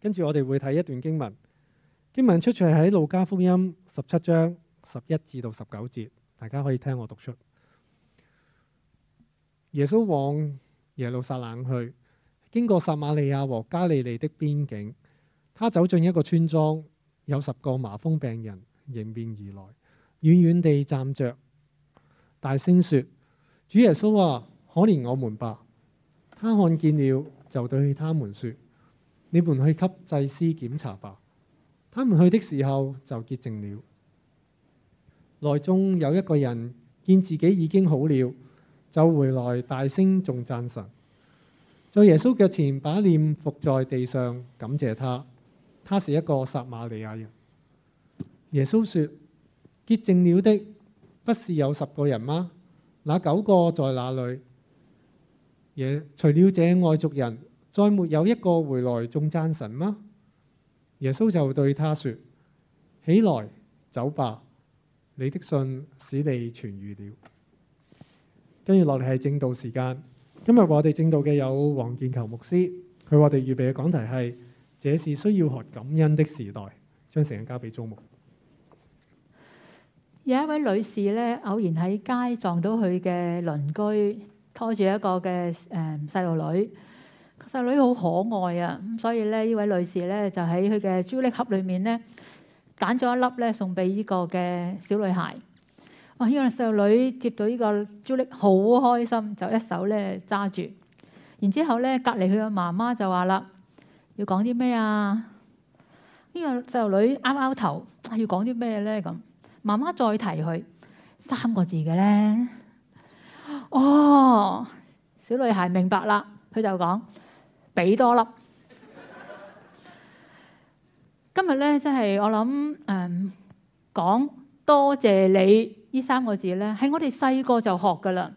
跟住我哋會睇一段經文，經文出處喺《路加福音》十七章十一至到十九節，大家可以聽我讀出。耶穌往耶路撒冷去，經過撒瑪利亞和加利利的邊境，他走進一個村莊，有十個麻風病人迎面而來，遠遠地站着，大聲說：主耶穌啊，可憐我們吧！他看見了，就對他們說。你們去給祭司檢查吧。他們去的時候就結淨了。內中有一個人，見自己已經好了，就回來大聲頌讚神，在耶穌腳前把臉伏在地上感謝他。他是一個撒瑪利亞人。耶穌說：潔淨了的不是有十個人嗎？那九個在哪裏？除了這外族人。再沒有一個回來中讚神嗎？耶穌就對他說：起來，走吧，你的信使你痊愈了。跟住落嚟係正道時間，今日我哋正道嘅有黃建球牧師，佢話我哋預備嘅講題係：這是需要學感恩的時代。將時間交俾租牧。有一位女士咧，偶然喺街撞到佢嘅鄰居，拖住一個嘅誒細路女。細女好可愛啊，咁所以咧呢位女士咧就喺佢嘅朱古力盒裏面咧揀咗一粒咧送俾呢個嘅小女孩。哇！呢個細路女接到呢個朱古力好開心，就一手咧揸住。然之後咧隔籬佢嘅媽媽就話啦：要講啲咩啊？呢個細路女啱啱頭要講啲咩咧？咁媽媽再提佢三個字嘅咧。哦，小女孩明白啦，佢就講。俾多粒。今日咧，即係我諗，誒，講多謝你呢三個字咧，係我哋細個就學噶啦，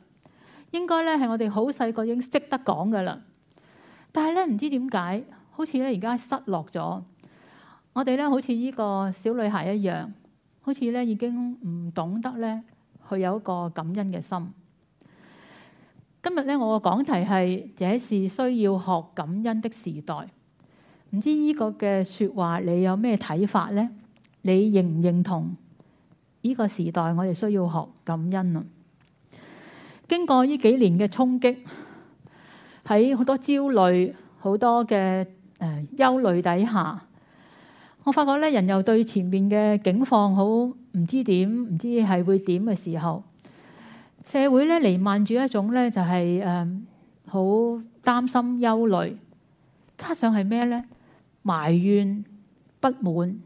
應該咧係我哋好細個已經識得講噶啦。但係咧，唔知點解，好似咧而家失落咗，我哋咧好似呢個小女孩一樣，好似咧已經唔懂得咧佢有一個感恩嘅心。今日咧，我嘅講題係，這是需要學感恩的時代。唔知呢個嘅說話，你有咩睇法呢？你認唔認同呢個時代，我哋需要學感恩啊？經過呢幾年嘅衝擊，喺好多焦慮、好多嘅誒憂慮底下，我發覺咧，人又對前面嘅境況好唔知點，唔知係會點嘅時候。社會呢，彌漫住一種呢，就係誒好擔心憂慮，加上係咩呢？埋怨不滿，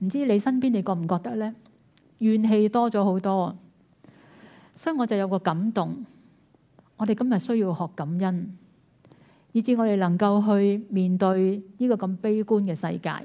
唔知你身邊你覺唔覺得呢？怨氣多咗好多，所以我就有一個感動。我哋今日需要學感恩，以致我哋能夠去面對呢個咁悲觀嘅世界。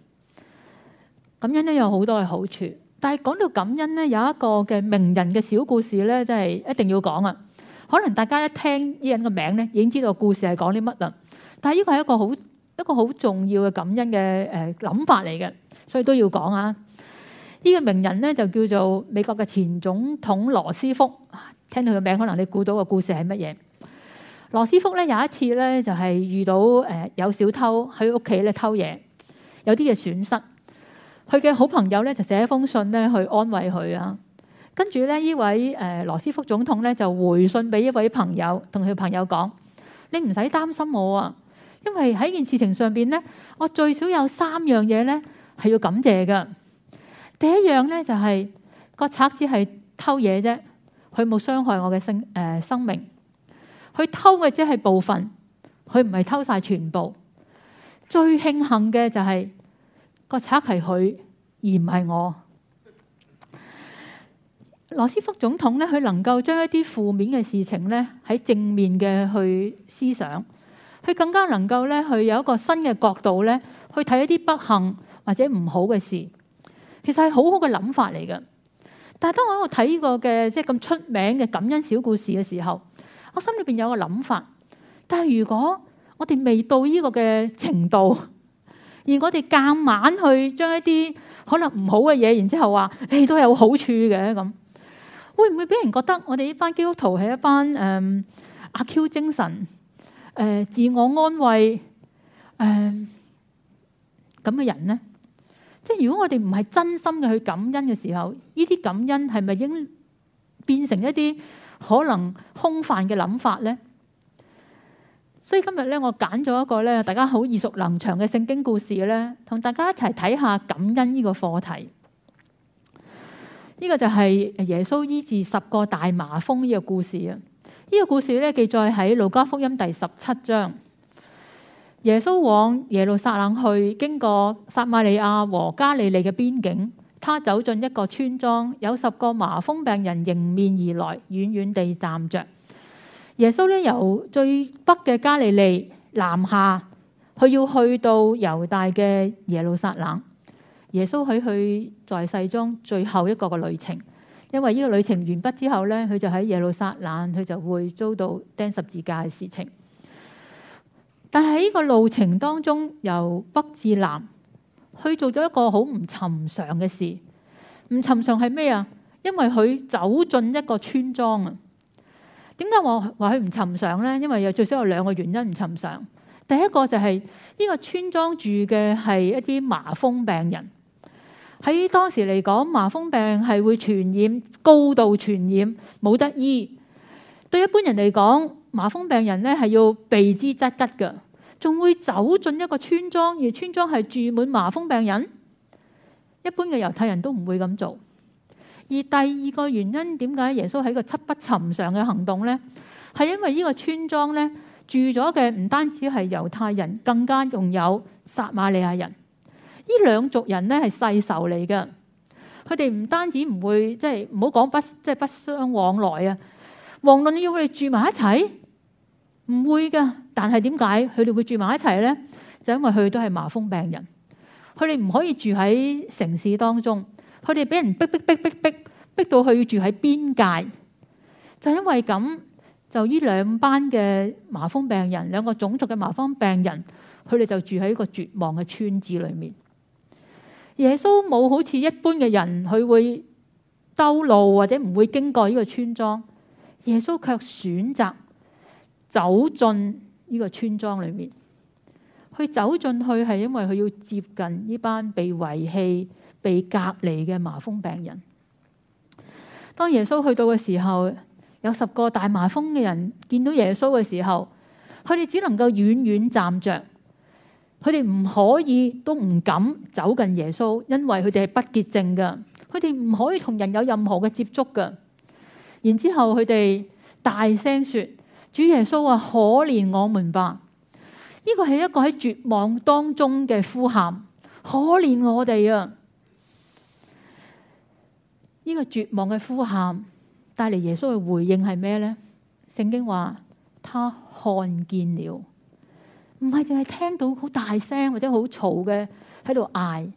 感恩咧有好多嘅好處，但係講到感恩咧，有一個嘅名人嘅小故事咧，真係一定要講啊！可能大家一聽呢人嘅名咧，已經知道故事係講啲乜啦。但係呢個係一個好一個好重要嘅感恩嘅誒諗法嚟嘅，所以都要講啊！呢個名人咧就叫做美國嘅前總統羅斯福。聽到個名，可能你估到個故事係乜嘢？羅斯福咧有一次咧就係遇到誒有小偷喺屋企咧偷嘢，有啲嘅損失。佢嘅好朋友咧就寫封信咧去安慰佢啊，跟住咧呢位誒羅斯福總統咧就回信俾一位朋友，同佢朋友講：你唔使擔心我啊，因為喺一件事情上邊咧，我最少有三樣嘢咧係要感謝㗎。第一樣咧就係個賊只係偷嘢啫，佢冇傷害我嘅生誒生命，佢偷嘅只係部分，佢唔係偷曬全部。最慶幸嘅就係。個賊係佢，而唔係我。羅斯福總統咧，佢能夠將一啲負面嘅事情咧，喺正面嘅去思想，佢更加能夠咧去有一個新嘅角度咧，去睇一啲不幸或者唔好嘅事，其實係好好嘅諗法嚟嘅。但係當我喺度睇呢個嘅即係咁出名嘅感恩小故事嘅時候，我心裏邊有個諗法。但係如果我哋未到呢個嘅程度。而我哋夾硬去將一啲可能唔好嘅嘢，然之後話，誒都有好處嘅咁，會唔會俾人覺得我哋呢班基督徒係一班誒阿 Q 精神、誒自我安慰誒咁嘅人咧？即係如果我哋唔係真心嘅去感恩嘅時候，呢啲感恩係咪應變成一啲可能空泛嘅諗法咧？所以今日咧，我揀咗一個咧，大家好耳熟能詳嘅聖經故事咧，同大家一齊睇下感恩呢個課題。呢個就係耶穌醫治十個大麻風呢個故事啊！呢個故事咧，記載喺《路加福音》第十七章。耶穌往耶路撒冷去，經過撒瑪利亞和加利利嘅邊境。他走進一個村莊，有十個麻風病人迎面而來，遠遠地站着。耶穌咧由最北嘅加利利南下去，佢要去到猶大嘅耶路撒冷。耶穌喺佢在世中最後一個嘅旅程，因為呢個旅程完畢之後咧，佢就喺耶路撒冷，佢就會遭到釘十字架嘅事情。但係呢個路程當中由北至南，去做咗一個好唔尋常嘅事。唔尋常係咩啊？因為佢走進一個村莊啊。點解我話佢唔尋常呢？因為有最少有兩個原因唔尋常。第一個就係呢個村莊住嘅係一啲麻風病人。喺當時嚟講，麻風病係會傳染，高度傳染，冇得醫。對一般人嚟講，麻風病人呢係要避之則吉嘅，仲會走進一個村莊而村莊係住滿麻風病人。一般嘅猶太人都唔會咁做。而第二個原因，點解耶穌喺個七不尋常嘅行動呢？係因為呢個村莊呢，住咗嘅唔單止係猶太人，更加仲有撒瑪利亞人。呢兩族人呢，係世仇嚟嘅，佢哋唔單止唔會，即係唔好講不即係不、就是、不相往來啊。遑論要佢哋住埋一齊，唔會㗎。但係點解佢哋會住埋一齊呢？就因為佢哋都係麻風病人，佢哋唔可以住喺城市當中。佢哋俾人逼逼逼逼逼逼，逼，逼，逼，逼到佢要住喺邊界，就因為咁，就呢兩班嘅麻風病人，兩個種族嘅麻風病人，佢哋就住喺一個絕望嘅村子裏面。耶穌冇好似一般嘅人，佢會兜路或者唔會經過呢個村莊，耶穌卻選擇走進呢個村莊裏面。佢走進去係因為佢要接近呢班被遺棄。被隔離嘅麻風病人，當耶穌去到嘅時候，有十個大麻風嘅人見到耶穌嘅時候，佢哋只能夠遠遠站着，佢哋唔可以都唔敢走近耶穌，因為佢哋係不潔淨嘅，佢哋唔可以同人有任何嘅接觸嘅。然之後佢哋大聲説：主耶穌啊，可憐我們吧！呢個係一個喺絕望當中嘅呼喊，可憐我哋啊！呢個絕望嘅呼喊，帶嚟耶穌嘅回應係咩呢？聖經話，他看見了，唔係淨係聽到好大聲或者好嘈嘅喺度嗌，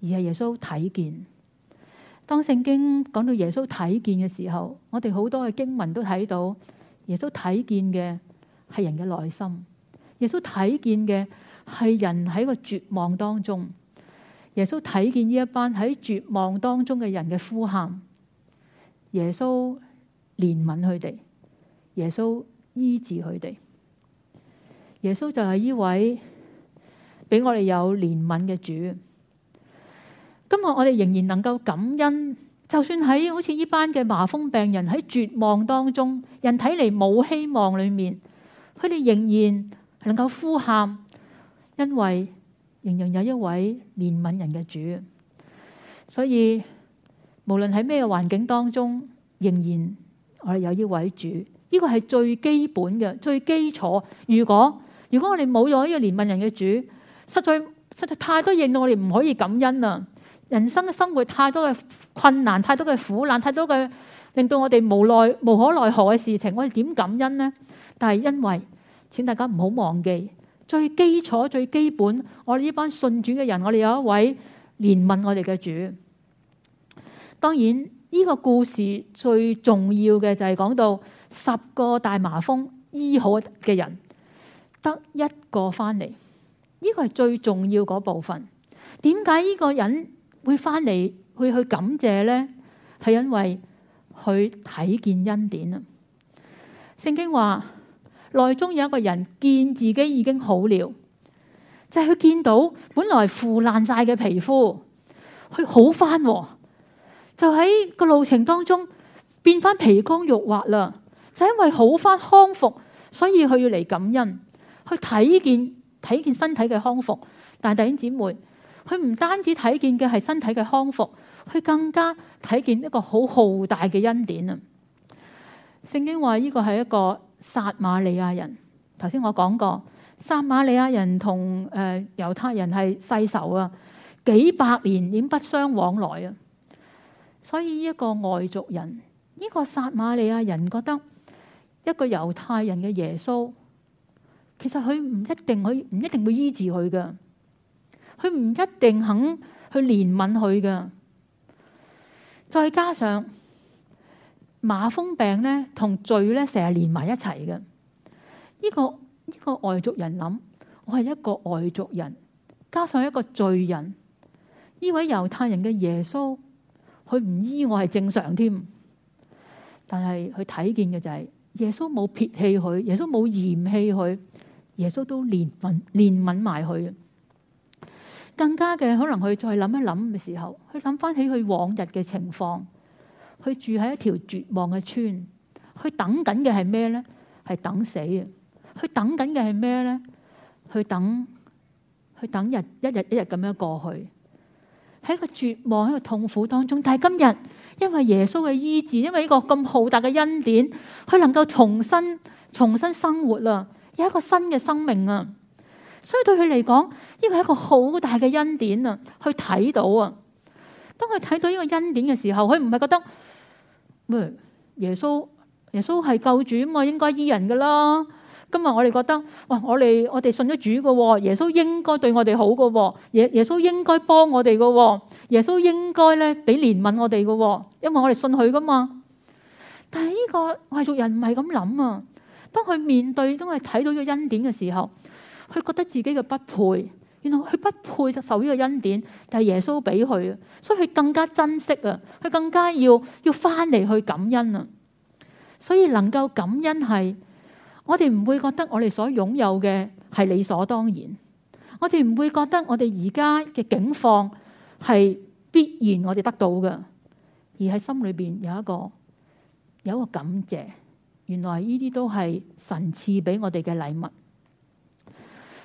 而係耶穌睇見。當聖經講到耶穌睇見嘅時候，我哋好多嘅經文都睇到耶穌睇見嘅係人嘅內心，耶穌睇見嘅係人喺個絕望當中。耶穌睇見呢一班喺絕望當中嘅人嘅呼喊，耶穌憐憫佢哋，耶穌醫治佢哋，耶穌就係呢位俾我哋有憐憫嘅主。今日我哋仍然能夠感恩，就算喺好似呢班嘅麻風病人喺絕望當中，人睇嚟冇希望裏面，佢哋仍然能夠呼喊，因為，仍然有一位憐憫人嘅主，所以無論喺咩環境當中，仍然我哋有呢位主，呢個係最基本嘅最基礎。如果如果我哋冇咗呢個憐憫人嘅主，實在實在太多嘢令我哋唔可以感恩啦。人生嘅生活太多嘅困難，太多嘅苦難，太多嘅令到我哋無奈、無可奈何嘅事情，我哋點感恩呢？但係因為，請大家唔好忘記。最基礎最基本，我哋呢班信主嘅人，我哋有一位憐憫我哋嘅主。當然，呢個故事最重要嘅就係講到十個大麻風醫好嘅人，得一個翻嚟，呢個係最重要嗰部分。點解呢個人會翻嚟會去感謝呢？係因為佢睇見恩典啊！聖經話。內中有一個人見自己已經好了，就係佢見到本來腐爛晒嘅皮膚，佢好翻，就喺個路程當中變翻皮光肉滑啦。就因為好翻康復，所以佢要嚟感恩，去睇見睇見身體嘅康復。但弟兄姊妹，佢唔單止睇見嘅係身體嘅康復，佢更加睇見一個好浩大嘅恩典啊！聖經話呢個係一個。撒瑪利亞人，頭先我講過，撒瑪利亞人同誒猶太人係世仇啊，幾百年已經不相往來啊。所以一個外族人，呢個撒瑪利亞人覺得一個猶太人嘅耶穌，其實佢唔一定，佢唔一定會醫治佢嘅，佢唔一定肯去憐憫佢嘅。再加上。麻風病咧，同罪咧，成日連埋一齊嘅、這個。呢個呢個外族人諗，我係一個外族人，加上一個罪人。呢位猶太人嘅耶穌，佢唔醫我係正常添。但係佢睇見嘅就係耶穌冇撇棄佢，耶穌冇嫌棄佢，耶穌都憐憫憐憫埋佢。更加嘅可能佢再諗一諗嘅時候，佢諗翻起佢往日嘅情況。佢住喺一條絕望嘅村，佢等緊嘅係咩呢？係等死啊！佢等緊嘅係咩呢？去等，去等日一日一日咁樣過去，喺個絕望喺個痛苦當中。但係今日，因為耶穌嘅醫治，因為呢個咁浩大嘅恩典，佢能夠重新重新生活啦，有一個新嘅生命啊！所以對佢嚟講，呢個係一個好大嘅恩典啊！去睇到啊！當佢睇到呢個恩典嘅時候，佢唔係覺得喂，耶穌耶穌係救主啊嘛，應該醫人噶啦。今日我哋覺得，哇！我哋我哋信咗主噶，耶穌應該對我哋好噶，耶耶穌應該幫我哋噶，耶穌應該咧俾憐憫我哋噶，因為我哋信佢噶嘛。但係呢個外族人唔係咁諗啊！當佢面對，當佢睇到呢個恩典嘅時候，佢覺得自己嘅不配。原來佢不配受呢個恩典，但係耶穌俾佢，所以佢更加珍惜啊！佢更加要要翻嚟去感恩啊！所以能夠感恩係我哋唔會覺得我哋所擁有嘅係理所當然，我哋唔會覺得我哋而家嘅境況係必然我哋得到嘅，而喺心裏邊有一個有一個感謝。原來呢啲都係神賜俾我哋嘅禮物，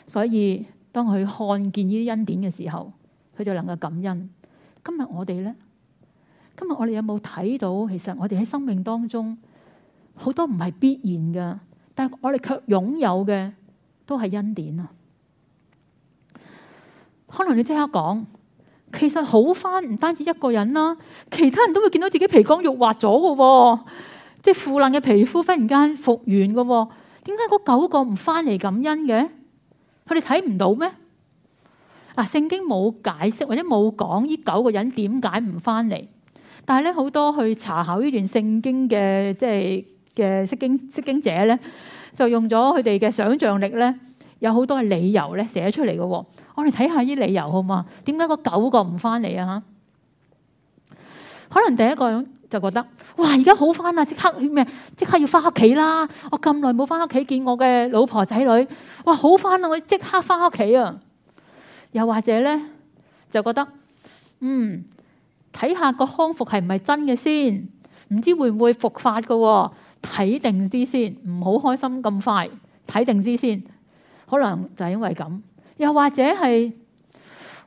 所以。當佢看見呢啲恩典嘅時候，佢就能夠感恩。今日我哋呢？今日我哋有冇睇到？其實我哋喺生命當中好多唔係必然嘅，但係我哋卻擁有嘅都係恩典啊！可能你即刻講，其實好返唔單止一個人啦，其他人都會見到自己皮光肉滑咗嘅，即係腐爛嘅皮膚忽然間復原嘅，點解嗰九個唔返嚟感恩嘅？佢哋睇唔到咩？嗱、啊，聖經冇解釋或者冇講呢九個人點解唔返嚟？但係咧好多去查考呢段聖經嘅即係嘅釋經釋經者咧，就用咗佢哋嘅想像力咧，有好多嘅理由咧寫出嚟㗎喎。我哋睇下呢理由好嘛？點解嗰九個唔返嚟啊？可能第一個。就覺得哇，而家好翻啦！即刻咩？即刻要翻屋企啦！我咁耐冇翻屋企見我嘅老婆仔女，哇，好翻啦！我即刻翻屋企啊！又或者咧，就覺得嗯，睇下個康復係唔係真嘅先，唔知會唔會復發噶？睇定啲先，唔好開心咁快，睇定啲先。可能就係因為咁，又或者係。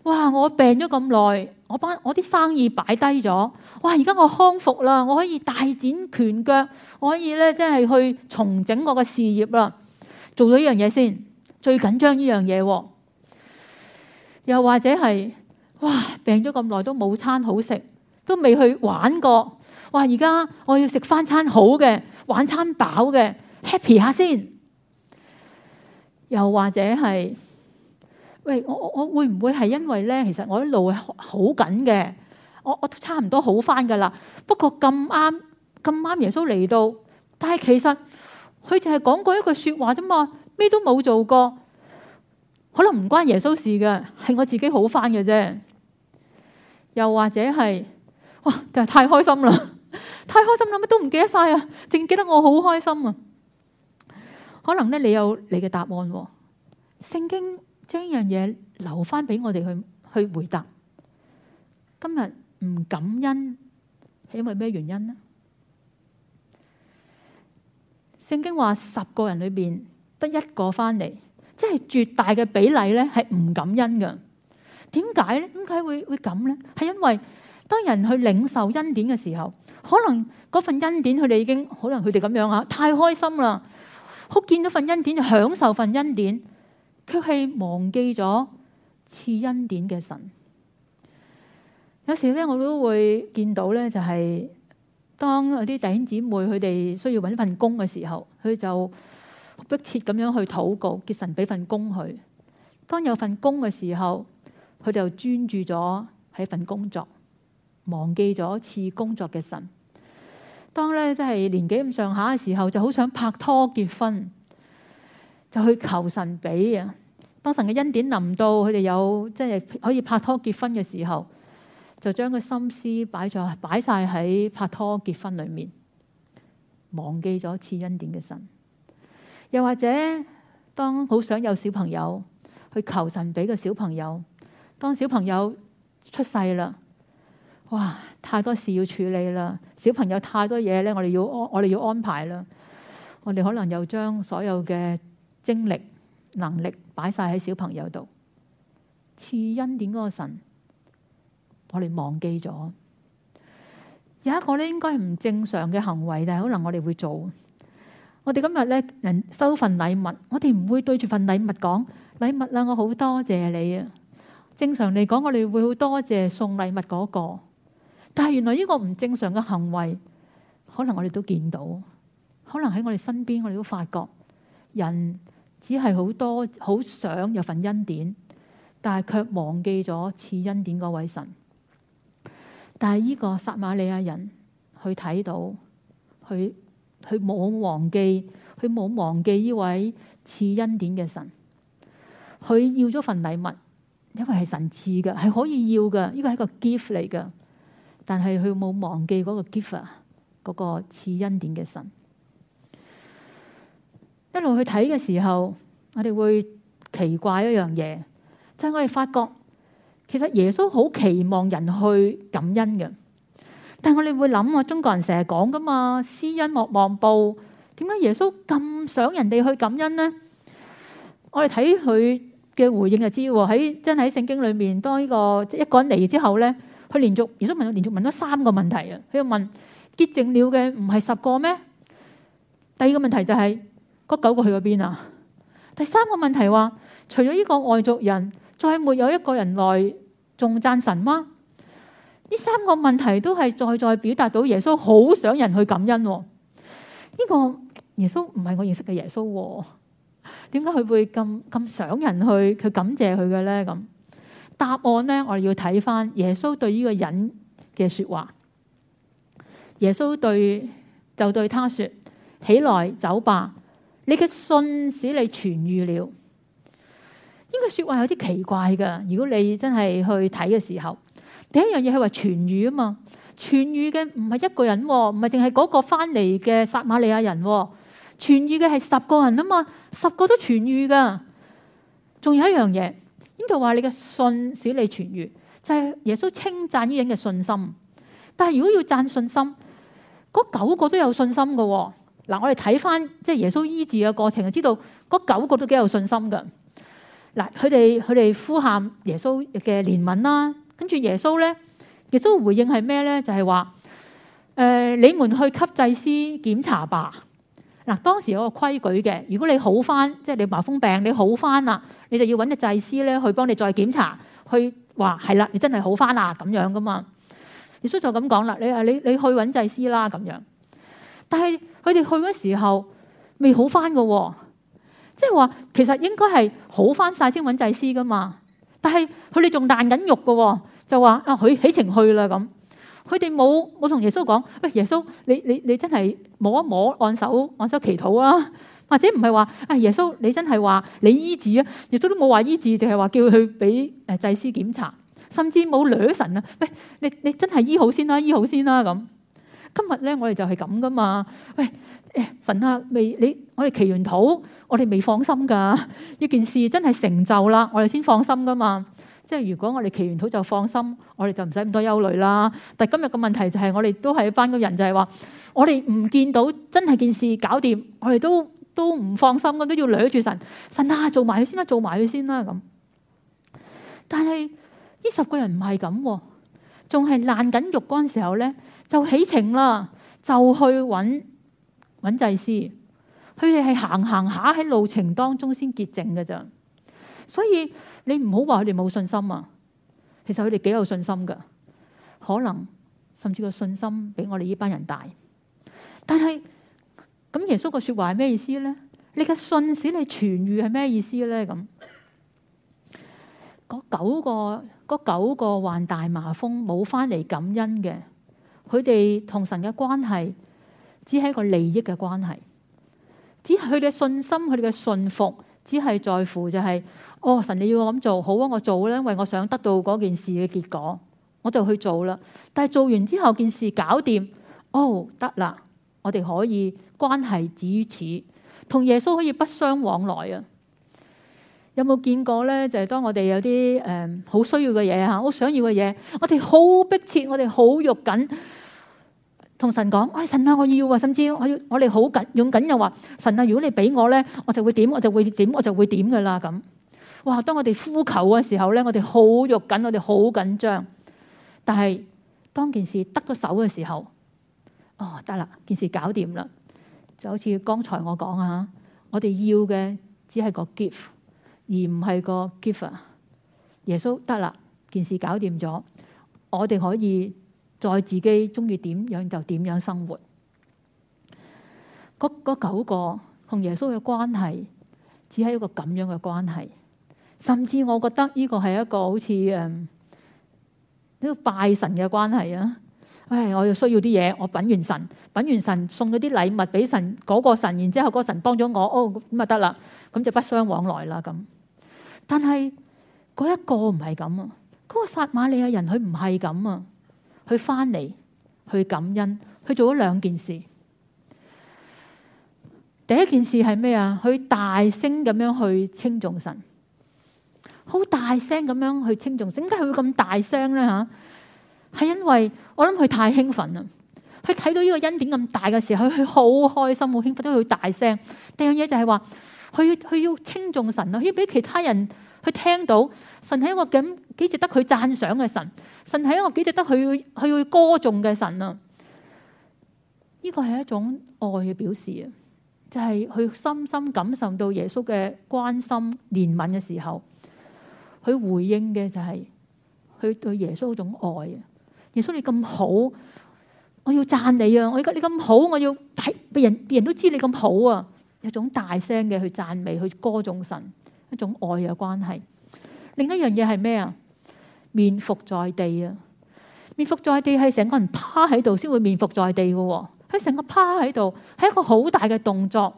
哇！我病咗咁耐，我把我啲生意擺低咗。哇！而家我康復啦，我可以大展拳腳，我可以咧，即係去重整我嘅事業啦。做咗呢樣嘢先，最緊張呢樣嘢。又或者係哇，病咗咁耐都冇餐好食，都未去玩過。哇！而家我要食翻餐好嘅，玩一餐飽嘅，happy 下先。又或者係。喂，我我我會唔會係因為咧？其實我一路係好緊嘅，我我都差唔多好翻噶啦。不過咁啱咁啱耶穌嚟到，但係其實佢淨係講過一句說話啫嘛，咩都冇做過，可能唔關耶穌事嘅，係我自己好翻嘅啫。又或者係哇，就係太開心啦，太開心啦，乜都唔記得晒啊，淨記得我好開心啊。可能咧，你有你嘅答案喎，聖經。將呢樣嘢留翻俾我哋去去回答。今日唔感恩係因為咩原因咧？聖經話十個人裏邊得一個翻嚟，即係絕大嘅比例咧係唔感恩嘅。點解咧？點解會會咁咧？係因為當人去領受恩典嘅時候，可能嗰份恩典佢哋已經可能佢哋咁樣吓，太開心啦，好見到份恩典就享受份恩典。卻係忘記咗賜恩典嘅神。有時咧，我都會見到咧，就係、是、當嗰啲弟兄姊妹佢哋需要搵份工嘅時候，佢就好迫切咁樣去禱告，叫神俾份工佢。當有份工嘅時候，佢就專注咗喺份工作，忘記咗賜工作嘅神當呢。當咧即係年紀咁上下嘅時候，就好想拍拖結婚。去求神俾啊！當神嘅恩典臨到他們，佢哋有即係可以拍拖結婚嘅時候，就將個心思擺在擺晒喺拍拖結婚裏面，忘記咗賜恩典嘅神。又或者當好想有小朋友，去求神俾個小朋友，當小朋友出世啦，哇！太多事要處理啦，小朋友太多嘢咧，我哋要我哋要安排啦，我哋可能又將所有嘅。精力能力擺晒喺小朋友度。賜恩典嗰個神，我哋忘記咗。有一個咧，應該係唔正常嘅行為，但係可能我哋會做。我哋今日咧，人收份禮物，我哋唔會對住份禮物講禮物啦，我好多謝你啊。正常嚟講，我哋會好多謝送禮物嗰個。但係原來呢個唔正常嘅行為，可能我哋都見到，可能喺我哋身邊，我哋都發覺人。只係好多好想有份恩典，但係卻忘記咗賜恩典嗰位神。但係呢個撒瑪利亞人佢睇到，佢佢冇忘記，佢冇忘記呢位賜恩典嘅神。佢要咗份禮物，因為係神賜嘅，係可以要嘅，呢個係一個 gift 嚟嘅。但係佢冇忘記嗰個 gift 啊，嗰個賜恩典嘅神。一路去睇嘅時候，我哋會奇怪一樣嘢，就係我哋發覺，其實耶穌好期望人去感恩嘅。但係我哋會諗，我中國人成日講噶嘛，施恩莫望報。點解耶穌咁想人哋去感恩呢？我哋睇佢嘅回應就知喎。喺真係喺聖經裏面，當呢個一個人嚟之後咧，佢連續耶穌問佢連續問咗三個問題啊。佢又問潔淨了嘅唔係十個咩？第二個問題就係。嗰九個去咗邊啊？第三個問題話：除咗呢個外族人，再沒有一個人來頌讚神嗎？呢三個問題都係再再表達到耶穌好想人去感恩、喎。呢、這個耶穌唔係我認識嘅耶穌、喎。點解佢會咁咁想人去去感謝佢嘅咧？咁答案咧，我哋要睇返耶穌對呢個人嘅說話。耶穌對就對他說：起來，走吧。你嘅信使你痊癒了，呢、這、句、個、說話有啲奇怪噶。如果你真係去睇嘅時候，第一樣嘢係話痊癒啊嘛，痊癒嘅唔係一個人、啊，唔係淨係嗰個翻嚟嘅撒瑪利亞人、啊，痊癒嘅係十個人啊嘛，十個都痊癒噶。仲有一樣嘢，呢度話你嘅信使你痊癒，就係、是、耶穌稱讚呢人嘅信心。但係如果要讚信心，嗰九個都有信心噶、啊。嗱，我哋睇翻即係耶穌醫治嘅過程，就知道嗰九個都幾有信心㗎。嗱，佢哋佢哋呼喊耶穌嘅憐憫啦，跟住耶穌咧，耶穌回應係咩咧？就係、是、話：誒、呃，你們去給祭、祭司檢查吧。嗱，當時有個規矩嘅，如果你好翻，即係你麻風病你好翻啦，你就要揾個祭司咧去幫你再檢查，去話係啦，你真係好翻啦咁樣噶嘛。耶穌就咁講啦，你啊，你你去揾祭司啦咁樣。但係，佢哋去嗰時候未好返嘅，即係話其實應該係好返晒先揾祭司噶嘛。但係佢哋仲爛緊肉嘅、哦，就話啊佢起程去啦咁。佢哋冇冇同耶穌講，喂、欸、耶穌，你你你真係摸一摸按手按手祈禱啊，或者唔係話啊耶穌，你真係話你醫治啊？耶穌都冇話醫治，淨係話叫佢俾誒祭司檢查，甚至冇掠神啊！喂、欸，你你真係醫好先啦、啊，醫好先啦、啊、咁。今日咧，我哋就係咁噶嘛？喂，誒，神啊，未？你我哋祈完土，我哋未放心噶。呢件事真係成就啦，我哋先放心噶嘛。即係如果我哋祈完土就放心，我哋就唔使咁多憂慮啦。但今日個問題就係，我哋都係一班嘅人，就係話我哋唔見到真係件事搞掂，我哋都都唔放心，咁都要掠住神，神啊，做埋佢先啦，做埋佢先啦咁。但係呢十個人唔係咁。仲係爛緊肉嗰時候咧，就起程啦，就去揾揾祭司。佢哋係行行下喺路程當中先潔淨嘅咋，所以你唔好話佢哋冇信心啊。其實佢哋幾有信心噶，可能甚至個信心比我哋呢班人大。但係咁耶穌個說話係咩意思咧？你嘅信使你痊愈係咩意思咧？咁？嗰九個嗰九個患大麻風冇翻嚟感恩嘅，佢哋同神嘅關係只係一個利益嘅關係，只係佢哋信心佢哋嘅信服，只係在乎就係，哦神你要我咁做好啊，我做啦，因為我想得到嗰件事嘅結果，我就去做啦。但係做完之後件事搞掂，哦得啦，我哋可以關係止於此，同耶穌可以不相往來啊。有冇見過咧？就係、是、當我哋有啲誒好需要嘅嘢吓，好想要嘅嘢，我哋好迫切，我哋好肉緊，同神講：哎神啊，我要啊！甚至我要我哋好緊，咁緊又話神啊，如果你俾我咧，我就會點，我就會點，我就會點噶啦咁。哇！當我哋呼求嘅時候咧，我哋好肉緊，我哋好緊張。但係當件事得咗手嘅時候，哦得啦，件事搞掂啦，就好似剛才我講啊，我哋要嘅只係個 gift 而唔係個 giver，耶穌得啦，件事搞掂咗，我哋可以再自己中意點樣就點樣生活。嗰九個同耶穌嘅關係只係一個咁樣嘅關係，甚至我覺得呢個係一個好似誒呢個拜神嘅關係啊！唉，我要需要啲嘢，我品完神，品完神送咗啲禮物俾神嗰、嗰個神，然之後嗰神幫咗我，哦咁啊得啦，咁就，就不相往來啦咁。但係嗰一個唔係咁啊，嗰個撒瑪利亞人佢唔係咁啊，佢翻嚟，去感恩，去做咗兩件事。第一件事係咩啊？佢大聲咁樣去稱頌神，好大聲咁樣去稱頌神。點解佢會咁大聲咧？吓，係因為我諗佢太興奮啦。佢睇到呢個恩典咁大嘅時候，佢好開心，好興奮，所以佢大聲。第二樣嘢就係話。佢佢要稱頌神啊！佢要俾其他人去聽到，神係一個咁幾值得佢讚賞嘅神，神係一個幾值得佢佢去歌頌嘅神啊！呢個係一種愛嘅表示啊！就係佢深深感受到耶穌嘅關心憐憫嘅時候，佢回應嘅就係佢對耶穌嗰種愛啊！耶穌你咁好，我要讚你啊！我而家你咁好，我要睇人人都知你咁好啊！一種大聲嘅去讚美，去歌頌神，一種愛嘅關係。另一樣嘢係咩啊？面伏在地啊！面伏在地係成個人趴喺度先會面伏在地嘅。佢成個趴喺度，係一個好大嘅動作。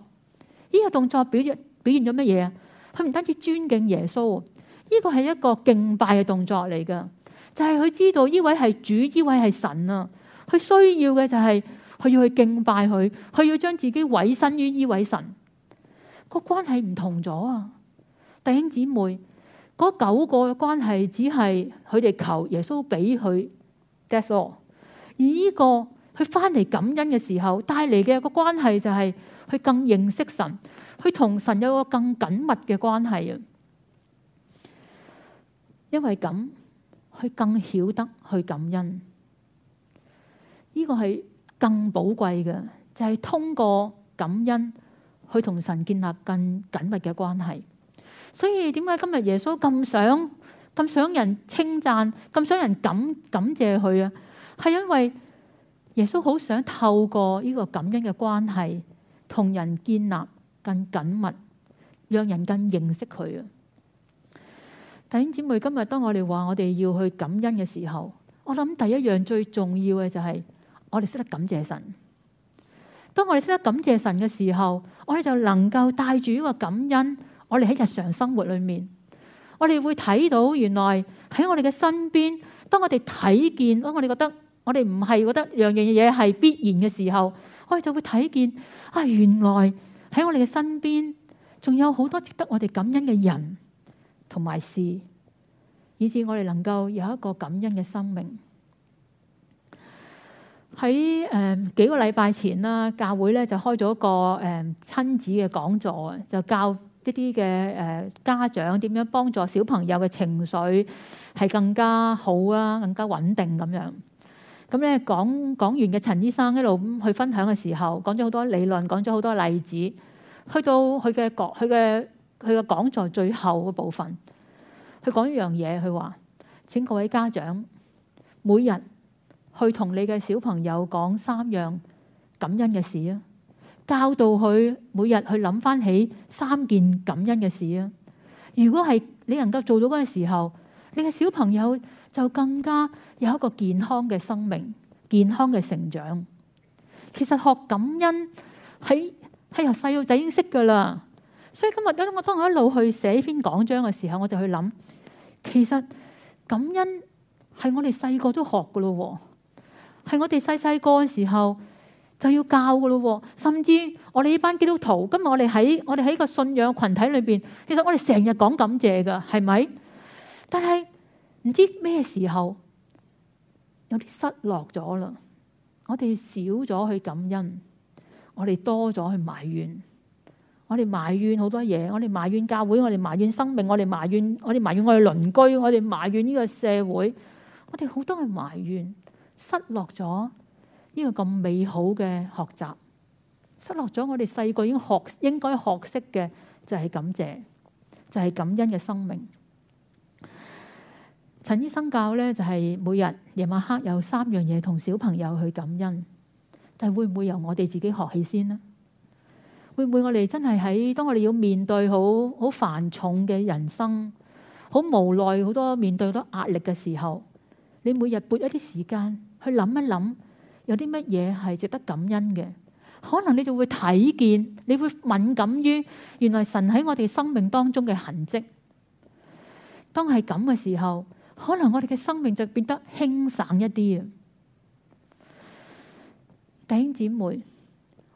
呢個動作表現表現咗乜嘢啊？佢唔單止尊敬耶穌，呢個係一個敬拜嘅動作嚟噶。就係佢知道呢位係主，呢位係神啊。佢需要嘅就係佢要去敬拜佢，佢要將自己委身於呢位神。個關係唔同咗啊！弟兄姊妹，嗰九個嘅關係只係佢哋求耶穌俾佢 that's all，而呢個佢翻嚟感恩嘅時候帶嚟嘅個關係就係佢更認識神，佢同神有個更緊密嘅關係啊！因為咁，佢更曉得去感恩，呢個係更寶貴嘅，就係通過感恩。去同神建立更緊密嘅關係，所以點解今日耶穌咁想咁想人稱讚，咁想人感感謝佢啊？係因為耶穌好想透過呢個感恩嘅關係，同人建立更緊密，讓人更認識佢啊！弟兄姊妹，今日當我哋話我哋要去感恩嘅時候，我諗第一樣最重要嘅就係我哋識得感謝神。當我哋識得感謝神嘅時候，我哋就能夠帶住呢個感恩，我哋喺日常生活裏面，我哋會睇到原來喺我哋嘅身邊，當我哋睇見，當我哋覺得我哋唔係覺得樣樣嘢係必然嘅時候，我哋就會睇見啊，原來喺我哋嘅身邊仲有好多值得我哋感恩嘅人同埋事，以至我哋能夠有一個感恩嘅生命。喺誒幾個禮拜前啦，教會咧就開咗個誒親子嘅講座啊，就教一啲嘅誒家長點樣幫助小朋友嘅情緒係更加好啊，更加穩定咁樣。咁咧講講完嘅陳醫生在一路咁去分享嘅時候，講咗好多理論，講咗好多例子。去到佢嘅講佢嘅佢嘅講座最後嘅部分，佢講一樣嘢，佢話：請各位家長每日，去同你嘅小朋友講三樣感恩嘅事啊，教導佢每日去諗翻起三件感恩嘅事啊。如果係你能夠做到嗰個時候，你嘅小朋友就更加有一個健康嘅生命、健康嘅成長。其實學感恩喺係由細路仔已經識噶啦，所以今日我當我一路去寫篇講章嘅時候，我就去諗，其實感恩係我哋細個都學噶咯。係我哋細細個嘅時候就要教噶咯，甚至我哋呢班基督徒，今日我哋喺我哋喺個信仰群體裏邊，其實我哋成日講感謝噶，係咪？但係唔知咩時候有啲失落咗啦。我哋少咗去感恩，我哋多咗去埋怨。我哋埋怨好多嘢，我哋埋怨教會，我哋埋怨生命，我哋埋怨我哋埋怨我哋鄰居，我哋埋怨呢個社會，我哋好多係埋怨。失落咗呢個咁美好嘅學習，失落咗我哋細個應該學應該學識嘅就係、是、感謝，就係、是、感恩嘅生命。陳醫生教呢，就係每日夜晚黑有三樣嘢同小朋友去感恩，但係會唔會由我哋自己學起先呢？會唔會我哋真係喺當我哋要面對好好繁重嘅人生，好無奈好多面對好多壓力嘅時候？你每日撥一啲時間去諗一諗，有啲乜嘢係值得感恩嘅？可能你就會睇見，你會敏感於原來神喺我哋生命當中嘅痕跡。當係咁嘅時候，可能我哋嘅生命就變得輕省一啲啊！弟兄姊妹，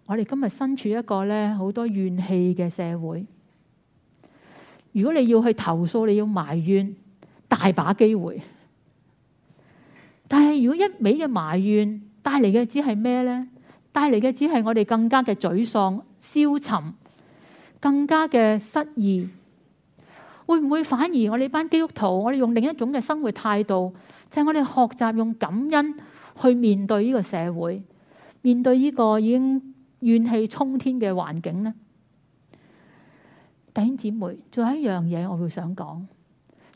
我哋今日身處一個咧好多怨氣嘅社會，如果你要去投訴，你要埋怨，大把機會。但係如果一味嘅埋怨帶嚟嘅只係咩呢？帶嚟嘅只係我哋更加嘅沮喪、消沉，更加嘅失意。會唔會反而我哋班基督徒，我哋用另一種嘅生活態度，就係我哋學習用感恩去面對呢個社會，面對呢個已經怨氣沖天嘅環境呢？弟兄姊妹，仲有一樣嘢，我會想講，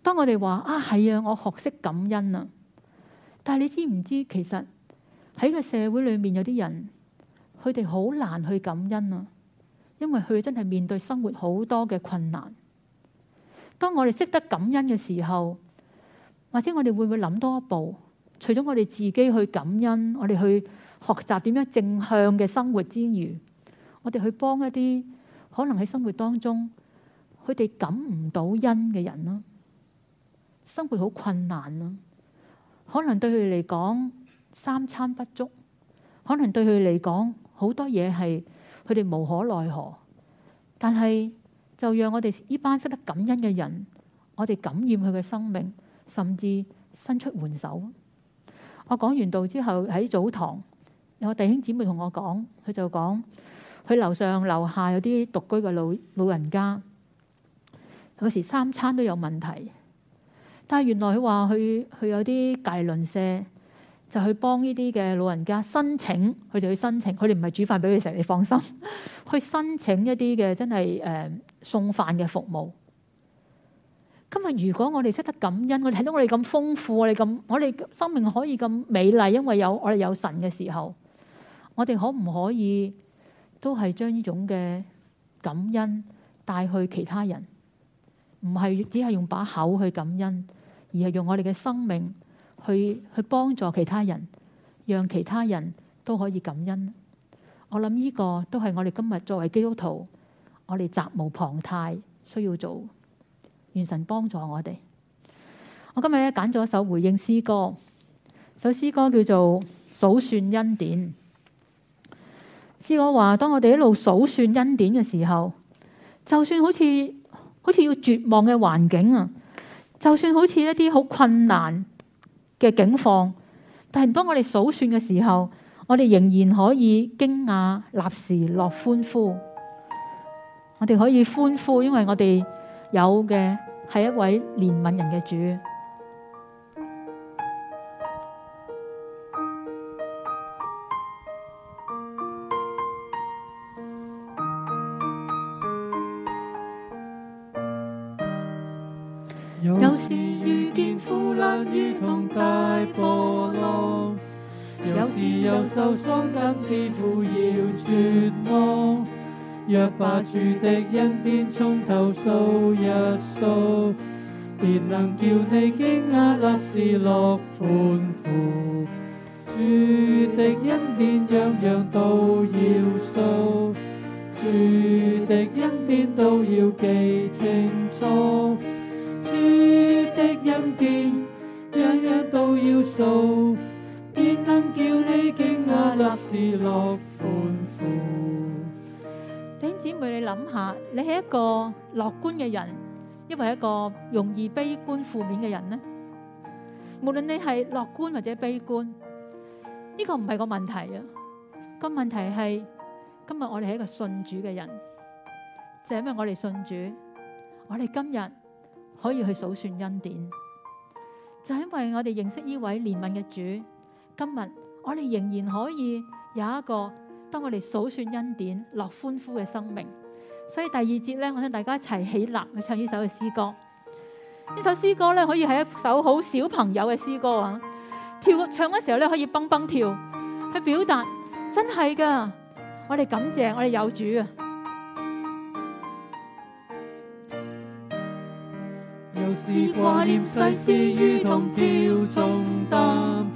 當我哋話啊係啊，我學識感恩啊。但係你知唔知，其實喺個社會裏面有啲人，佢哋好難去感恩啊！因為佢真係面對生活好多嘅困難。當我哋識得感恩嘅時候，或者我哋會唔會諗多一步？除咗我哋自己去感恩，我哋去學習點樣正向嘅生活之餘，我哋去幫一啲可能喺生活當中佢哋感唔到恩嘅人啦，生活好困難啊！可能對佢嚟講三餐不足，可能對佢嚟講好多嘢係佢哋無可奈何，但係就讓我哋呢班識得感恩嘅人，我哋感染佢嘅生命，甚至伸出援手。我講完道之後喺早堂，有個弟兄姊妹同我講，佢就講佢樓上樓下有啲獨居嘅老老人家，有時三餐都有問題。但係原來佢話佢佢有啲隔鄰舍就去幫呢啲嘅老人家申請，佢就去申請。佢哋唔係煮飯俾佢食，你放心。去 申請一啲嘅真係誒、呃、送飯嘅服務。今日如果我哋識得感恩，我哋睇到我哋咁豐富，我哋咁我哋生命可以咁美麗，因為有我哋有神嘅時候，我哋可唔可以都係將呢種嘅感恩帶去其他人？唔係只係用把口去感恩。而係用我哋嘅生命去去幫助其他人，讓其他人都可以感恩。我諗呢個都係我哋今日作為基督徒，我哋責無旁貸需要做。願神幫助我哋。我今日咧揀咗一首回應詩歌，首詩歌叫做《數算恩典》。詩歌話：當我哋一路數算恩典嘅時候，就算好似好似要絕望嘅環境啊！就算好似一啲好困難嘅境況，但係當我哋數算嘅時候，我哋仍然可以驚訝、立時、樂歡呼。我哋可以歡呼，因為我哋有嘅係一位憐憫人嘅主。當今似乎要絕望，若把主的恩典從頭數一數，便能叫你驚訝立時樂歡呼。主的恩典樣，樣樣都要數，主的恩典都要記清楚，主的恩典樣，樣樣都要數。叫你驚訝，立時樂歡呼。弟兄姊妹，你諗下，你係一個樂觀嘅人，亦或係一個容易悲觀負面嘅人呢？無論你係樂觀或者悲觀，呢個唔係個問題啊。個問題係今日我哋係一個信主嘅人，就係因為我哋信主，我哋今日可以去數算恩典，就因為我哋認識呢位憐憫嘅主。今日我哋仍然可以有一個當我哋數算恩典樂歡呼嘅生命，所以第二節咧，我想大家一齊起立去唱呢首嘅詩歌。呢首詩歌咧，可以係一首好小朋友嘅詩歌啊！跳唱嘅時候咧，可以蹦蹦跳去表達，真係噶！我哋感謝，我哋有主啊！又是掛念世事，如同跳重擔。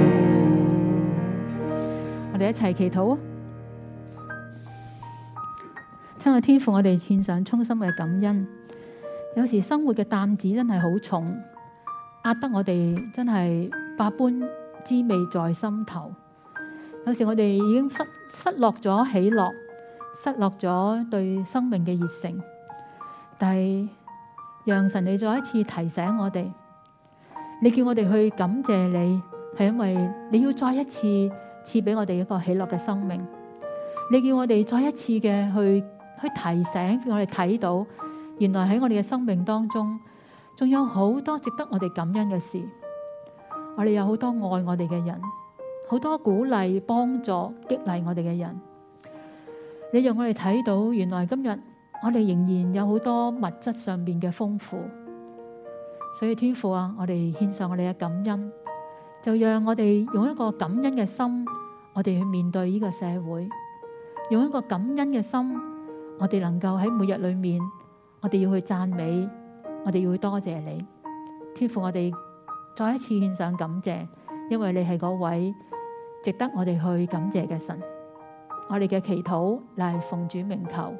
一齊祈禱，親愛天父，我哋獻上衷心嘅感恩。有時生活嘅擔子真係好重，壓得我哋真係百般滋味在心頭。有時我哋已經失失落咗喜樂，失落咗對生命嘅熱誠，但係讓神你再一次提醒我哋，你叫我哋去感謝你，係因為你要再一次。賜俾我哋一個喜樂嘅生命，你叫我哋再一次嘅去去提醒我哋睇到，原來喺我哋嘅生命當中，仲有好多值得我哋感恩嘅事。我哋有好多愛我哋嘅人，好多鼓勵、幫助、激勵我哋嘅人。你讓我哋睇到，原來今日我哋仍然有好多物質上面嘅豐富，所以天父啊，我哋獻上我哋嘅感恩。就讓我哋用一個感恩嘅心，我哋去面對呢個社會，用一個感恩嘅心，我哋能夠喺每日裏面，我哋要去讚美，我哋要去多謝你，天父，我哋再一次獻上感謝，因為你係嗰位值得我哋去感謝嘅神，我哋嘅祈禱乃係奉主名求，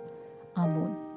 阿門。